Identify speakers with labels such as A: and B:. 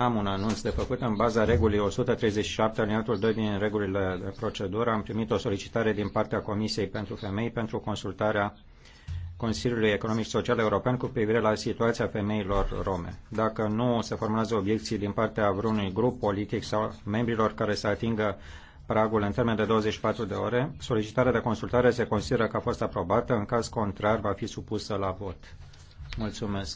A: Am un anunț de făcut. În baza regulii 137, aliniatul 2 din regulile de procedură, am primit o solicitare din partea Comisiei pentru Femei pentru consultarea Consiliului Economic și Social European cu privire la situația femeilor rome. Dacă nu se formulează obiecții din partea vreunui grup politic sau membrilor care să atingă pragul în termen de 24 de ore, solicitarea de consultare se consideră că a fost aprobată, în caz contrar va fi supusă
B: la vot. Mulțumesc.